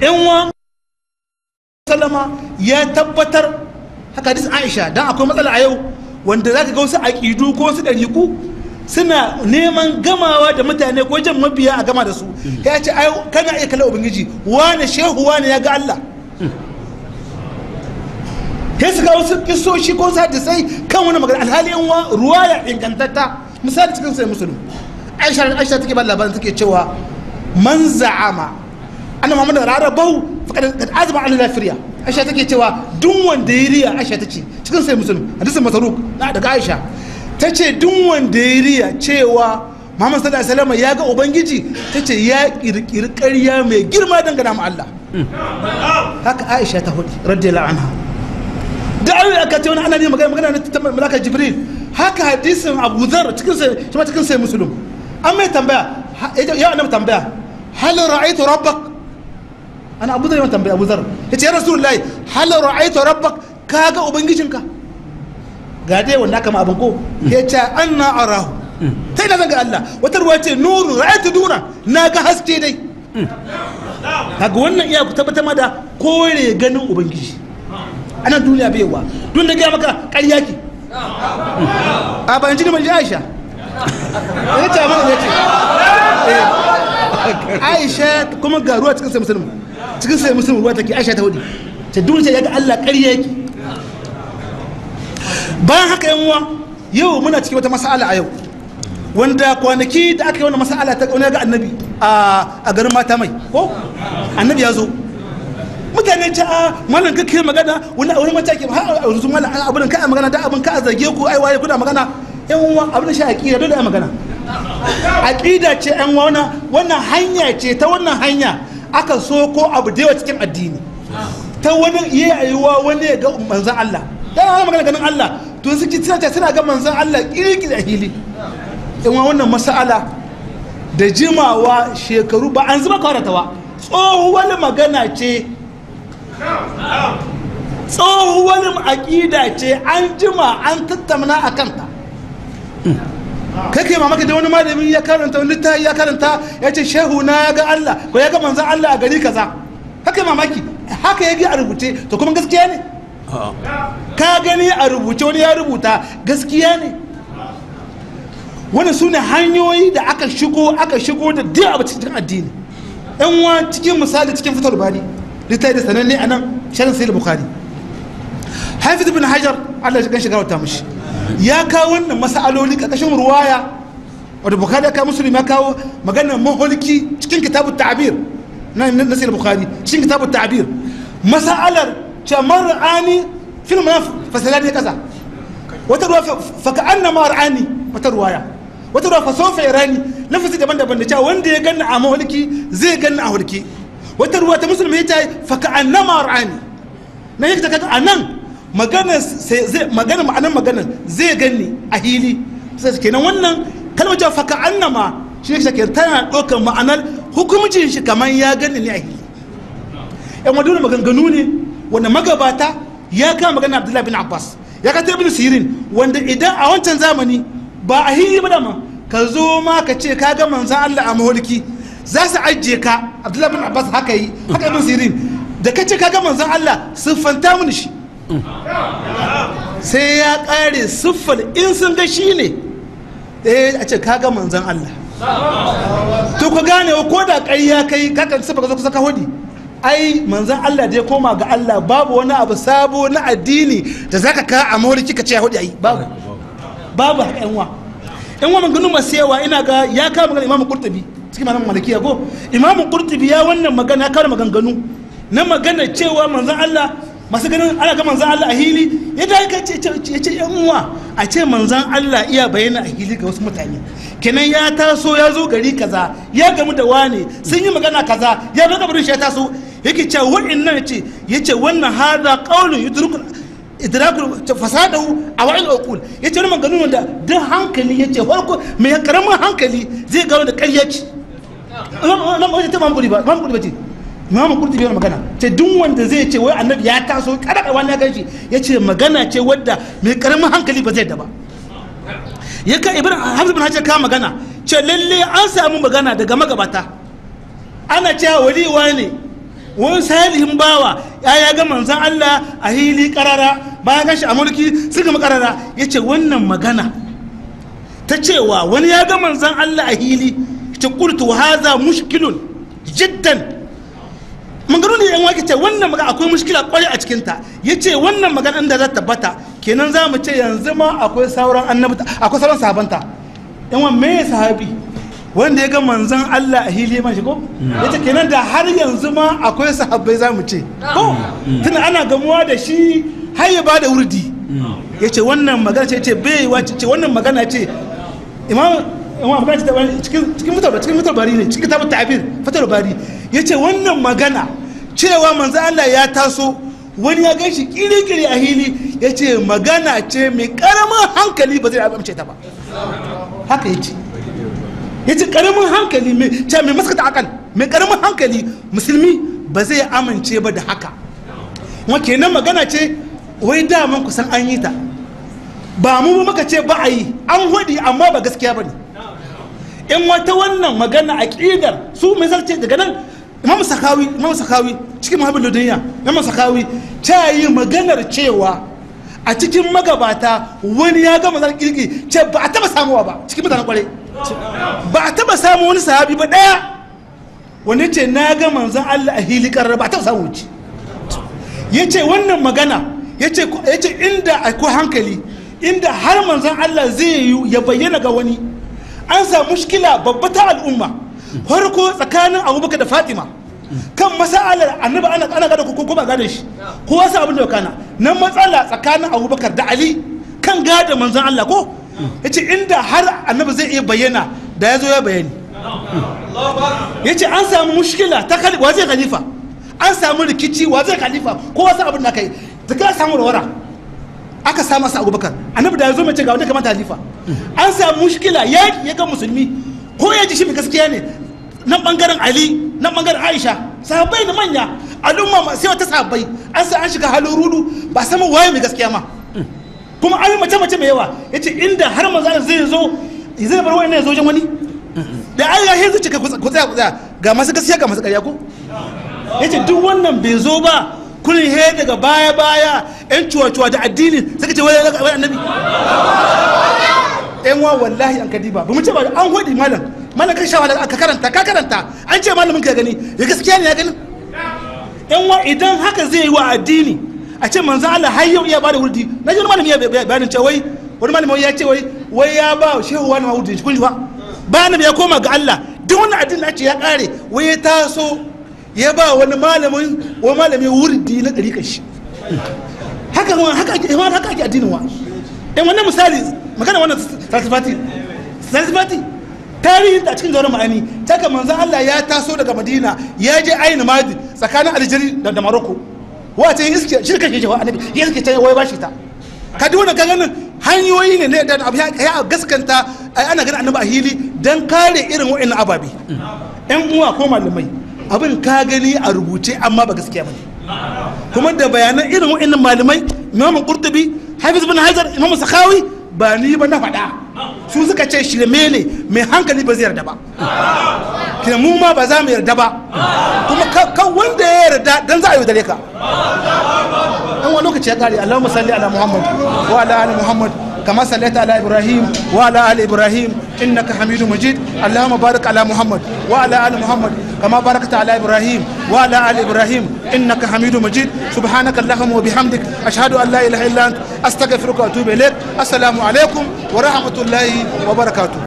in wa ya tabbatar haka hadis aisha dan akwai matsala a yau wanda zaka ga wasu aqidu ko wasu dariku suna neman gamawa da mutane ko jan mabiya a gama da su ya ce ai kana iya kallon ubangiji wani shehu wani ya ga Allah sai su ga wasu kisoshi ko sai kan wani magana alhali yan ruwa ruwaya ingantatta misali cikin sai musulmi aisha aisha take ba labarin take cewa man za'ama annabi muhammad rarabau faqad azma ala lafriya aisha take cewa duk wanda ya riya aisha ce cikin sai musulun hadisin masaruk na daga aisha ce duk wanda ya riya cewa muhammad sallallahu alaihi wasallam ya ga ubangiji ta ce ya kirkiri ƙarya mai girma dangana ma Allah haka aisha ta hudu radiyallahu anha da ayoyi aka ce wani ana ne magana magana ta malaka jibril haka hadisin abu zar cikin sai shi cikin sai muslim an mai tambaya ya annabi tambaya hal ra'aytu rabbak ana abu zai tambaya abu zar ya ce rasulullahi halar ra'aito rabba ka ga ubangijinka ga dai wanda kama abin ko ya ce an anna arahu ta yi zan ga Allah wata ruwa ce nuru ra'aito duna na ga haske dai ga wannan iya ku tabbatar ma da kore ganin ubangiji ana duniya bai wa don da gaya maka ƙarya ki a bayan jini manji aisha ya ce amma ya ce aisha kuma garuwa cikin sai musulmi cikin sai musulmi ruwa take aisha ta hudu ta dunce ya ga allah ƙarya yake bayan haka yan uwa yau muna cikin wata mas'ala a yau wanda kwanaki da aka yi wani mas'ala ta kauna ga annabi a garin mata mai ko annabi ya zo mutane ta a ah, malam ka kai magana wani a wani ke ha a wurin malam an abin ka magana da abin ka a zage ku ai waye kuna magana yan uwa abin shi aqida dole a magana aqida ce yan uwa wannan hanya ce ta wannan hanya Aka so ko abu da yawa cikin addini ta wani iya wani ga manzan Allah dan ana magana ganin Allah to suke tsaya suna ga manzan Allah kirki a hili in wannan mas'ala da jimawa shekaru ba an zuba kawai ba tsohuwar magana ce tsohuwar aƙida ce an jima an tattauna a kanta kake kai mamaki da wani malami ya karanta wani littafi ya karanta ya ce shehu na ya ga Allah ko ya ga manzo Allah a gari kaza haka mamaki haka ya ga a rubuce to kuma gaskiya ne ka gani a rubuce wani ya rubuta gaskiya ne wani su ne hanyoyi da aka shigo aka shigo da duk abu cikin addini yan wa cikin misali cikin fitar bani littafi da sananne a nan sharin sayyid bukhari hafiz ibn hajar Allah ya shiga wata mushi ya kawo wannan masaloli ruwaya wadda bukari ya kawo maganar cikin kitabu ta'bir na nasir bukari cikin kitabu ta'bir masalar fil fasala ne wata ruwa wata ruwaya wata ruwa fasofa irani lafasi daban-daban da cewa wanda ya ganna a maholki zai ganna a holki wata ruwa ta musulmi ya ce na ma'ar ani na yake ta a nan maganar ma'anar maganar zai gani a hili sai kenan wannan kalmar cewa faka annama shi ne shakir tana ɗaukar ma'anar hukumcin shi kamar ya gani ne a hili yan wadda maganganu ne wanda magabata ya kama magana abdullahi bin abbas ya kata ibn sirin wanda idan a wancan zamani ba a hili ba dama ka zo ma ka ce ka ga manzan allah a maholiki za su ajiye ka abdullahi bin abbas haka yi haka ibn sirin da ka ce ka ga manzan allah siffanta mini shi sai ya kare siffar in sun ga shi ne ɗaya eh, a ce kaga manzan Allah to ku gane ko da ya kai kakan siffar ka kusa ka hudi ai manzan Allah da ya koma ga Allah babu wani abu sabo na addini da zaka ka a mawari kika ce ya hudi ai babu babu haka yanwa wa yan wa maganganu masu yawa ina ga ya kama magana imamu qurtubi cikin malamin malikiya ko imamu qurtubi ya wannan magana ya kama maganganu na magana cewa manzan Allah masu ganin ana ga manzan Allah a hili ya da ya ce yan uwa a ce manzan Allah iya bayyana a hili ga wasu mutane kenan ya taso ya zo gari kaza ya gamu da wani sun yi magana kaza ya zo gabarin shi ya taso yake ce nan ce ya ce wannan hada kaunin yudrikul idrakul fasadahu wa'il okul ya ce wani maganin da duk hankali ya ce farko mai karamin hankali zai gano da ƙarya imam kurtubi yana magana ce duk wanda zai ce wai annabi ya taso kada wani ya ganshi ya ce magana ce wadda mai karamin hankali ba zai da ba ya ka ibrahim hamza bin hajar ka magana ce lalle an samu magana daga magabata ana cewa waliwa ne wani salihin bawa ya ya ga manzan allah a hili karara ba ya gashi a mulki gama karara ya ce wannan magana ta cewa wani ya ga manzan allah a hili ta kurtu haza mushkilun jiddan maganganu ne yan wake ce wannan magana akwai mushkila kwarai a cikinta ya ce wannan magana da za ta tabbata kenan za mu ce yanzu ma akwai sauran annabta akwai sauran sahabanta yan wa me sahabi wanda ya ga manzon Allah a hili man shigo ya ce kenan da har yanzu ma akwai sahabbai za mu ce ko tun ana gamuwa da shi har ya bada wurdi ya ce wannan magana ce ce bai wace ce wannan magana ce imam imam magana ce cikin cikin mutabari ne cikin tabu ta'bir fatar bari ya ce wannan magana cewa manzo Allah ya taso wani ya gan shi kirikiri a hili ya ce magana ce mai karamin hankali ba zai amince ta ba haka ya ce ya ce karamin hankali mai ce mai maskata akan mai karamin hankali musulmi ba zai amince ba da haka wake nan magana ce wai daman kusan an yi ta ba mu bu muka ce ba a yi an hudi amma ba gaskiya ba ne in wata wannan magana a ƙidar su ce daga nan imam sakawi imam sakawi cikin muhammad ludayya imam sakawi ta yi maganar cewa a cikin magabata wani ya gama zan kirki ce ba a taba samuwa ba cikin mutanen kwarai ba a taba samu wani sahabi ba daya wani ce na ga manzan Allah a hili karar ba a taba samu wuce ya ce wannan magana ya ce inda a ko hankali inda har manzan Allah zai yi ya bayyana ga wani an samu mushkila babba ta al'umma farko tsakanin abubakar da fatima kan masa'alar annabi ana ana gada ko kuma gada shi ko wasu abin da kana nan matsala tsakanin abubakar da ali kan gada manzon allah ko yace inda har annabi zai iya bayyana da ya zo ya bayani yace an samu mushkila ta kali wa zai khalifa an samu rikici wa zai khalifa ko wasu abin da kai zaka samu rawara aka sa abubakar abubakar annabi da ya zo mace ga wanda kamata khalifa hmm. an samu mushkila ya ga musulmi ko ya ji shi gaskiya ne nan bangaren ali nan bangaren aisha sahabbai na manya al'umma sai wata sahabbai an sai an shiga halin rudu ba sama waye mai gaskiya ma kuma an yi mace mace mai yawa ce inda har manzo zai zo zai bar wani ne zo wani da an ya hezu cika kutsa tsaya ku ga masu gaskiya ga masu ƙarya ko yace duk wannan bai zo ba kun he daga baya baya yan cuwa-cuwa da addini suka ce wani annabi yan wa wallahi an kadiba ba mu ce ba an hudi malam malakin shawala aka karanta ka karanta an ce malamin ka gani ya gaskiya ne ya gani in wa idan haka zai yi wa addini a ce manzo Allah har yau iya bada wurdi na ji ya bayanin wai wani malamin ya ce wai wai ya ba shehu wani wurdi kun ji ba bayanin ya koma ga Allah duk wani addini na ce ya kare wai ya taso ya ba wani malamin wani malami tarihin da cikin jawar ma'ani taka manzan Allah ya taso daga Madina ya je ainihin madi tsakanin aljiri da Maroko wace iske shirka ke jawa annabi ya iske ta wai bashi ta ka ganin hanyoyi ne ne da abu ya gaskanta ana ganin annabi a hili dan kare irin wa'annan ababe yan uwa ko malamai abin ka gani a rubuce amma ba gaskiya ba kuma da bayanan irin wa'annan malamai Imam Qurtubi Hafiz bin Hajar imamu Sakhawi ba ni ba na faɗa su suka ce shirme ne mai hankali ba zai yarda ba kina mu ma ba za mu yarda ba kuma ka wanda ya yarda dan za a yi dare ka dan wani lokaci ya kare Allahumma salli ala Muhammad wa ala ali Muhammad kama sallaita ala Ibrahim wa ala ali Ibrahim innaka Hamidu Majid Allahumma barik ala Muhammad wa ala ali Muhammad kama barakta ala Ibrahim وعلى آل إبراهيم إنك حميد مجيد سبحانك اللهم وبحمدك أشهد أن لا إله إلا أنت أستغفرك وأتوب إليك السلام عليكم ورحمة الله وبركاته